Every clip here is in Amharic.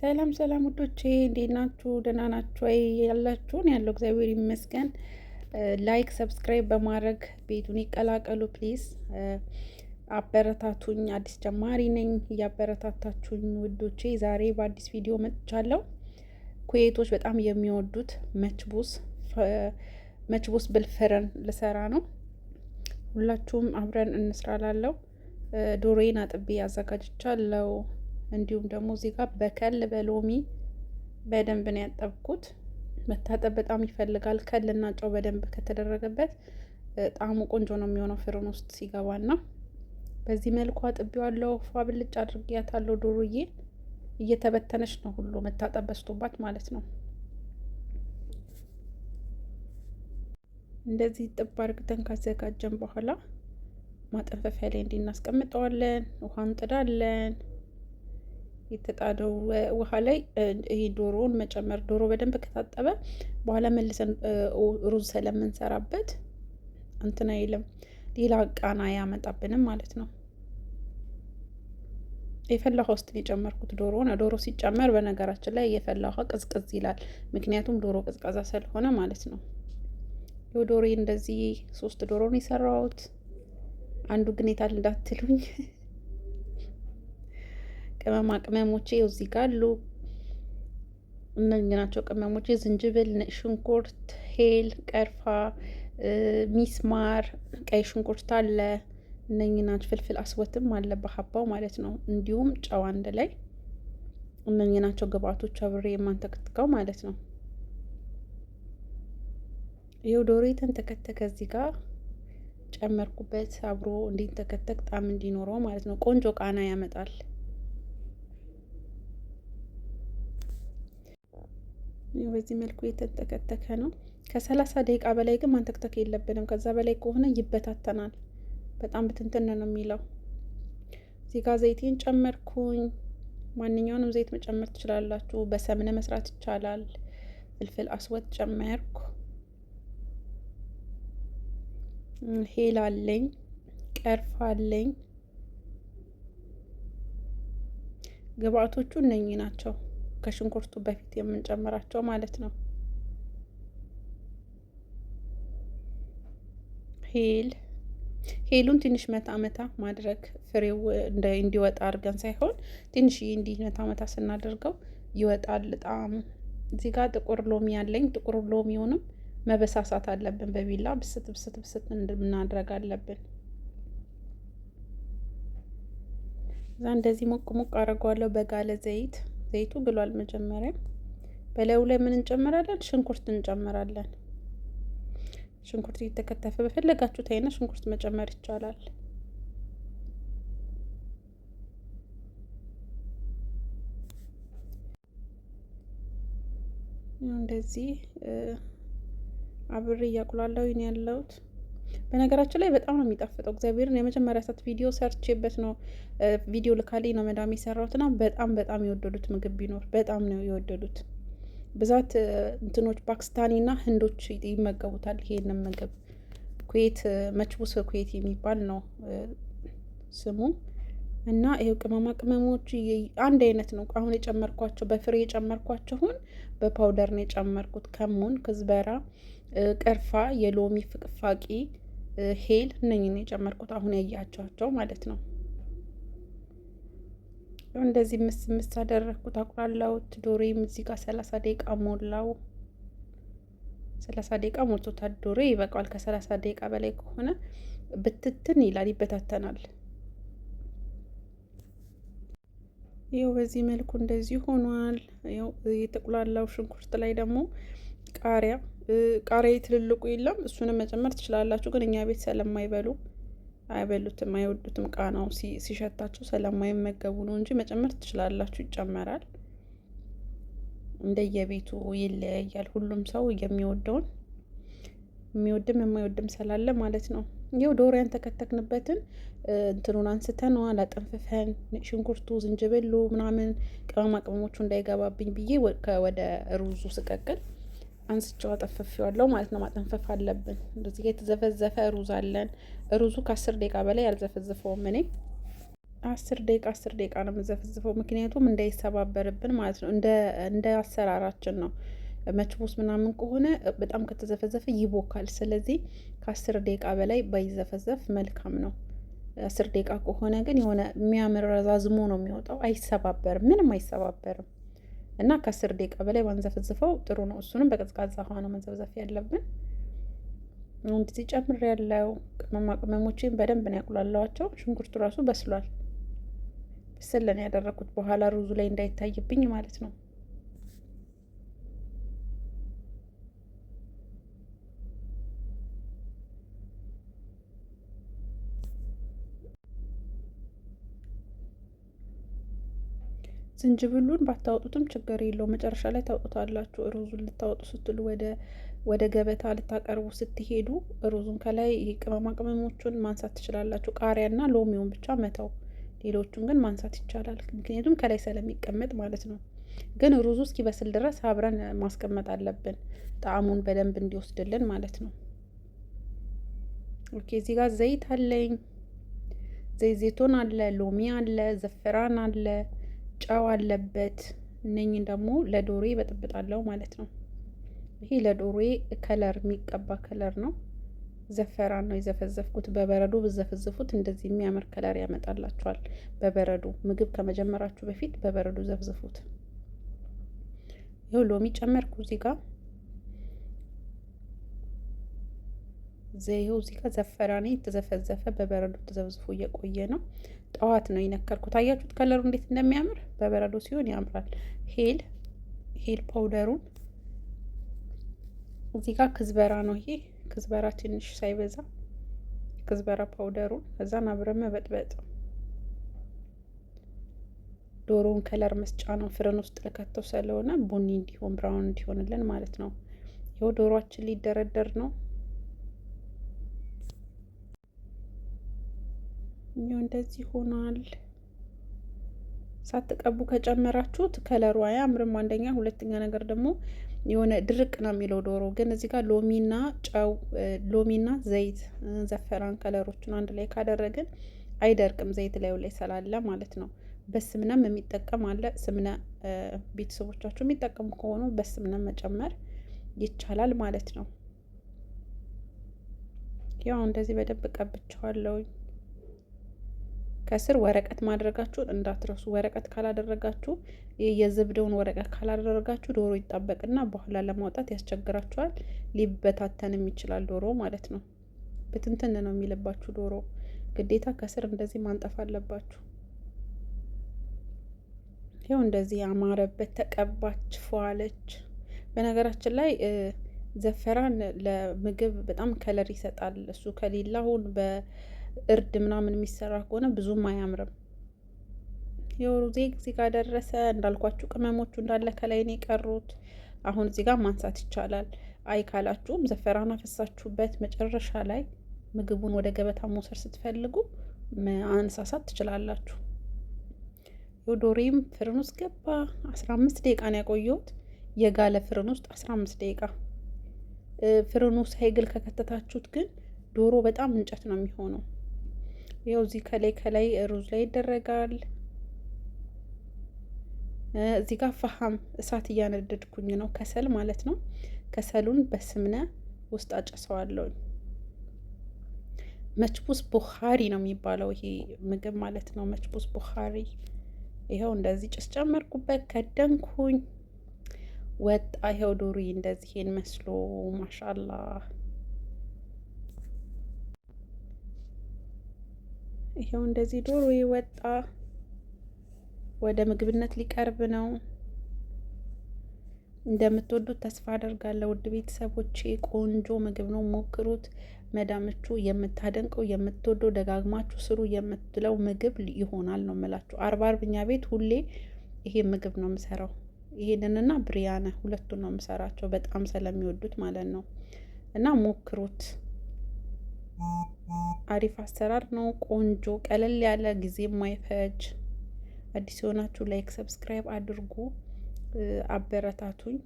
ሰላም ሰላም ውዶቼ እንዴት ናችሁ? ደህና ናችሁ ወይ? ያላችሁን ያለው እግዚአብሔር ይመስገን። ላይክ ሰብስክራይብ በማድረግ ቤቱን ይቀላቀሉ ፕሊዝ። አበረታቱኝ። አዲስ ጀማሪ ነኝ፣ እያበረታታችሁኝ ውዶቼ። ዛሬ በአዲስ ቪዲዮ መጥቻለሁ። ኩዌቶች በጣም የሚወዱት መችቡስ መችቡስ ብልፍረን ልሰራ ነው። ሁላችሁም አብረን እንስራላለው። ዶሮዬን አጥቤ አዘጋጅቻለሁ። እንዲሁም ደግሞ እዚህ ጋር በከል በሎሚ በደንብ ነው ያጠብኩት። መታጠብ በጣም ይፈልጋል። ከልና ጨው በደንብ ከተደረገበት ጣዕሙ ቆንጆ ነው የሚሆነው ፍርን ውስጥ ሲገባና በዚህ መልኩ አጥቤዋለሁ። ፏ ብልጭ አድርጌያታለሁ። ዶሮዬ እየተበተነች ነው ሁሉ መታጠብ በስቶባት ማለት ነው። እንደዚህ ጥብ አድርግተን ካዘጋጀን በኋላ ማጠንፈፊያ ላይ እንዲናስቀምጠዋለን። ውሃ እንጥዳለን። የተጣደው ውሃ ላይ ይሄ ዶሮውን መጨመር። ዶሮ በደንብ ከታጠበ በኋላ መልሰን ሩዝ ስለምንሰራበት እንትን አይልም፣ ሌላ ቃና አያመጣብንም ማለት ነው። የፈላ ውሃ ውስጥ የጨመርኩት ዶሮ ነው። ዶሮ ሲጨመር በነገራችን ላይ የፈላ ውሃ ቅዝቅዝ ይላል፣ ምክንያቱም ዶሮ ቅዝቃዛ ስለሆነ ማለት ነው። ዶሮ እንደዚህ ሶስት ዶሮ ነው የሰራሁት። አንዱ ግን የታል እንዳትሉኝ ቅመማ ቅመሞቼ እዚህ ጋር አሉ። እነዚህ ናቸው ቅመሞቼ፣ ዝንጅብል፣ ሽንኩርት፣ ሄል፣ ቀርፋ፣ ሚስማር፣ ቀይ ሽንኩርት አለ። እነኚህ ናቸው። ፍልፍል አስወትም አለ በሀባው ማለት ነው። እንዲሁም ጨው አንድ ላይ። እነኚህ ናቸው ግብአቶች አብሬ የማንተከትከው ማለት ነው። ይኸው ዶሮ ተንተከተከ እዚህ ጋር ጨመርኩበት አብሮ እንዲንተከተክ ጣም እንዲኖረው ማለት ነው። ቆንጆ ቃና ያመጣል። በዚህ መልኩ የተንተከተከ ነው። ከሰላሳ ደቂቃ በላይ ግን ማንተክተክ የለብንም። ከዛ በላይ ከሆነ ይበታተናል። በጣም ብትንትን ነው የሚለው። እዚህ ጋር ዘይቴን ጨመርኩኝ። ማንኛውንም ዘይት መጨመር ትችላላችሁ። በሰምነ መስራት ይቻላል። ፍልፍል አስወጥ ጨመርኩ። ሄል አለኝ፣ ቀርፍ አለኝ። ግብአቶቹ እነኚህ ናቸው። ከሽንኩርቱ በፊት የምንጨምራቸው ማለት ነው። ሄል ሄሉን ትንሽ መታ መታ ማድረግ ፍሬው እንዲወጣ አድርገን ሳይሆን ትንሽ እንዲህ መታ መታ ስናደርገው ይወጣል ጣዕሙ። እዚህ ጋር ጥቁር ሎሚ ያለኝ ጥቁር ሎሚውንም መበሳሳት አለብን በቢላ ብስት ብስት ብስት እናድረግ አለብን። እዛ እንደዚህ ሞቅ ሞቅ አድርገዋለሁ በጋለ ዘይት ዘይቱ ግሏል። መጀመሪያ በላዩ ላይ ምን እንጨምራለን? ሽንኩርት እንጨምራለን። ሽንኩርት እየተከተፈ በፈለጋችሁት አይነት ሽንኩርት መጨመር ይቻላል። እንደዚህ አብሬ እያቁላላው ይን ያለውት በነገራችን ላይ በጣም ነው የሚጣፍጠው። እግዚአብሔርን የመጀመሪያ ሰዓት ቪዲዮ ሰርቼበት ነው ቪዲዮ ልካሌ ነው መዳም የሰራሁትና በጣም በጣም የወደዱት ምግብ ቢኖር በጣም ነው የወደዱት። ብዛት እንትኖች ፓኪስታኒና ህንዶች ይመገቡታል ይሄንን ምግብ። ኩዌት መችቡስ ኩዌት የሚባል ነው ስሙ እና ይሄው ቅመማ ቅመሞች አንድ አይነት ነው። አሁን የጨመርኳቸው በፍሬ የጨመርኳቸውን በፓውደር ነው የጨመርኩት። ከሙን፣ ክዝበራ፣ ቀርፋ፣ የሎሚ ፍቅፋቂ፣ ሄል እነኝን የጨመርኩት አሁን ያያቸዋቸው ማለት ነው። እንደዚህ ምስ ምስ አደረግኩት። አቁላላሁት። ዶሮዬም እዚህ ጋር ሰላሳ ደቂቃ ሞላው። ሰላሳ ደቂቃ ሞልቶታል። ዶሬ ይበቃዋል። ከሰላሳ ደቂቃ በላይ ከሆነ ብትትን ይላል፣ ይበታተናል። ይኸው በዚህ መልኩ እንደዚህ ሆኗል። ይኸው የተቁላላው ሽንኩርት ላይ ደግሞ ቃሪያ ቃሪያ ትልልቁ የለም እሱንም መጨመር ትችላላችሁ። ግን እኛ ቤት ስለማይበሉ አይበሉትም፣ አይወዱትም። ቃናው ሲሸታቸው ስለማይመገቡ ነው እንጂ መጨመር ትችላላችሁ። ይጨመራል። እንደየቤቱ ይለያያል። ሁሉም ሰው የሚወደውን የሚወድም የማይወድም ስላለ ማለት ነው። ይው ዶሪያን ተከተክንበትን እንትኑን አንስተነዋል፣ አጠንፍፈን ሽንኩርቱ፣ ዝንጅብሉ ምናምን ቅመማ ቅመሞቹ እንዳይገባብኝ ብዬ ወደ ሩዙ ስቀቅል አንስቼው አጠንፈፊዋለሁ ማለት ነው። ማጠንፈፍ አለብን። እንደዚህ የተዘፈዘፈ ሩዝ አለን። ሩዙ ከአስር ደቂቃ በላይ አልዘፈዝፈውም እኔ አስር ደቂቃ አስር ደቂቃ ነው የምዘፈዝፈው፣ ምክንያቱም እንዳይሰባበርብን ማለት ነው። እንደ አሰራራችን ነው መችቦስ ምናምን ከሆነ በጣም ከተዘፈዘፈ ይቦካል። ስለዚህ ከአስር ደቂቃ በላይ ባይዘፈዘፍ መልካም ነው። አስር ደቂቃ ከሆነ ግን የሆነ የሚያምር ረዛዝሞ ነው የሚወጣው። አይሰባበርም፣ ምንም አይሰባበርም። እና ከአስር ደቂቃ በላይ ባንዘፈዝፈው ጥሩ ነው። እሱንም በቀዝቃዛ ውሃ ነው መዘፍዘፍ ያለብን። እንደዚህ ጨምር ያለው ቅመማ ቅመሞችን በደንብ ነው ያቁላለዋቸው። ሽንኩርቱ ራሱ በስሏል። ስልን ያደረኩት በኋላ ሩዙ ላይ እንዳይታይብኝ ማለት ነው። ዝንጅብሉን ባታወጡትም ችግር የለው፣ መጨረሻ ላይ ታውጡታላችሁ። ሩዙን ልታወጡ ስትሉ ወደ ገበታ ልታቀርቡ ስትሄዱ ሩዙን ከላይ ቅመማ ቅመሞቹን ማንሳት ትችላላችሁ። ቃሪያና ሎሚውን ብቻ መተው፣ ሌሎቹን ግን ማንሳት ይቻላል። ምክንያቱም ከላይ ስለሚቀመጥ ማለት ነው። ግን ሩዙ እስኪበስል ድረስ አብረን ማስቀመጥ አለብን፣ ጣዕሙን በደንብ እንዲወስድልን ማለት ነው። ኦኬ እዚህ ጋር ዘይት አለኝ። ዘይት ዜይቶን አለ፣ ሎሚ አለ፣ ዘፈራን አለ ጨው አለበት። እነኝን ደግሞ ለዶሮዬ በጥብጣለሁ ማለት ነው። ይሄ ለዶሮ ከለር የሚቀባ ከለር ነው። ዘፈራን ነው የዘፈዘፍኩት። በበረዶ ብዘፈዘፉት እንደዚህ የሚያምር ከለር ያመጣላችኋል። በበረዶ ምግብ ከመጀመራችሁ በፊት በበረዶ ዘፍዝፉት። ይኸው ሎሚ ጨመርኩ እዚህ ጋር ዘይው እዚህ ጋር ዘፈራኔ ተዘፈዘፈ በበረዶ ተዘብዝፎ እየቆየ ነው። ጠዋት ነው የነከርኩት። አያችሁት ከለሩ እንዴት እንደሚያምር በበረዶ ሲሆን ያምራል። ሄል ሄል ፓውደሩን እዚህ ጋር ክዝበራ ነው ይሄ ክዝበራ ትንሽ ሳይበዛ ክዝበራ ፓውደሩን እዛን አብረን መበጥበጥ። ዶሮውን ከለር መስጫ ነው ፍርን ውስጥ ልከተው ስለሆነ ቡኒ እንዲሆን ብራውን እንዲሆንልን ማለት ነው። ይኸው ዶሮችን ሊደረደር ነው። እኛው እንደዚህ ሆኗል። ሳትቀቡ ከጨመራችሁት ከለሩ አያምርም። አንደኛ፣ ሁለተኛ ነገር ደግሞ የሆነ ድርቅ ነው የሚለው ዶሮ። ግን እዚህ ጋር ሎሚና ጨው፣ ሎሚና ዘይት፣ ዘፈራን ከለሮቹን አንድ ላይ ካደረግን አይደርቅም። ዘይት ላዩ ላይ ስላለ ማለት ነው። በስምነም የሚጠቀም አለ። ስምነ ቤተሰቦቻችሁ የሚጠቀሙ ከሆኑ በስምነም መጨመር ይቻላል ማለት ነው። ያው እንደዚህ በደንብ ቀብቸዋለሁኝ። ከስር ወረቀት ማድረጋችሁን እንዳትረሱ። ወረቀት ካላደረጋችሁ የዘብደውን ወረቀት ካላደረጋችሁ ዶሮ ይጣበቅና በኋላ ለማውጣት ያስቸግራችኋል። ሊበታተንም ይችላል ዶሮ ማለት ነው። ብትንትን ነው የሚልባችሁ ዶሮ። ግዴታ ከስር እንደዚህ ማንጠፍ አለባችሁ። ይኸው እንደዚህ ያማረበት ተቀባች ፏለች። በነገራችን ላይ ዘፈራን ለምግብ በጣም ከለር ይሰጣል። እሱ ከሌላ አሁን በ እርድ ምናምን የሚሰራ ከሆነ ብዙም አያምርም። የወሩ እዚህ ጋር ደረሰ። እንዳልኳችሁ ቅመሞቹ እንዳለ ከላይ ነው የቀሩት። አሁን እዚህ ጋር ማንሳት ይቻላል። አይ ካላችሁም ዘፈራን አፈሳችሁበት። መጨረሻ ላይ ምግቡን ወደ ገበታ መውሰድ ስትፈልጉ ማንሳሳት ትችላላችሁ። ዶሬም ፍርን ውስጥ ገባ። 15 ደቂቃ ነው ያቆየሁት። የጋለ ፍርን ውስጥ 15 ደቂቃ ፍርን ውስጥ ሳይግል ከከተታችሁት ግን ዶሮ በጣም እንጨት ነው የሚሆነው። ይኸው እዚህ ከላይ ከላይ ሩዝ ላይ ይደረጋል። እዚህ ጋር ፈሃም እሳት እያነደድኩኝ ነው፣ ከሰል ማለት ነው። ከሰሉን በስምነ ውስጥ አጨሰዋለሁ። መችቡስ ቡኻሪ ነው የሚባለው ይሄ ምግብ ማለት ነው። መችቡስ ቡኻሪ ይኸው እንደዚህ ጭስ ጨመርኩበት፣ ከደንኩኝ ወጣ። ይኸው ዶሪ እንደዚህ ይሄን መስሎ ማሻላ። ይሄው እንደዚህ ዶሮ ወጣ። ወደ ምግብነት ሊቀርብ ነው። እንደምትወዱት ተስፋ አደርጋለሁ ውድ ቤተሰቦቼ። ቆንጆ ምግብ ነው፣ ሞክሩት። መዳምቹ የምታደንቀው የምትወደው ደጋግማችሁ ስሩ የምትለው ምግብ ይሆናል ነው የምላችሁ። አርባ አርብኛ ቤት ሁሌ ይሄ ምግብ ነው የምሰራው። ይሄንንና ብሪያነ ሁለቱን ነው የምሰራቸው በጣም ስለሚወዱት ማለት ነው እና ሞክሩት። አሪፍ አሰራር ነው። ቆንጆ ቀለል ያለ ጊዜ ማይፈጅ አዲስ የሆናችሁ ላይክ ሰብስክራይብ አድርጉ፣ አበረታቱኝ።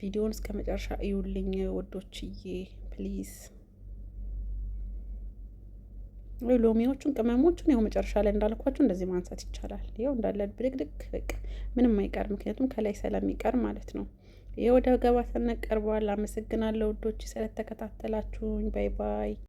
ቪዲዮን እስከ መጨረሻ እዩልኝ ወዶችዬ ፕሊዝ። ሎሚዎቹን ቅመሞቹን ያው መጨረሻ ላይ እንዳልኳችሁ እንደዚህ ማንሳት ይቻላል። ያው እንዳለ ብድግድግ በቃ ምንም አይቀር፣ ምክንያቱም ከላይ ስለሚቀር ማለት ነው። ወደ ሰነቅ ቀርበዋል። አመሰግናለሁ ውዶች ስለተከታተላችሁኝ። ባይ ባይ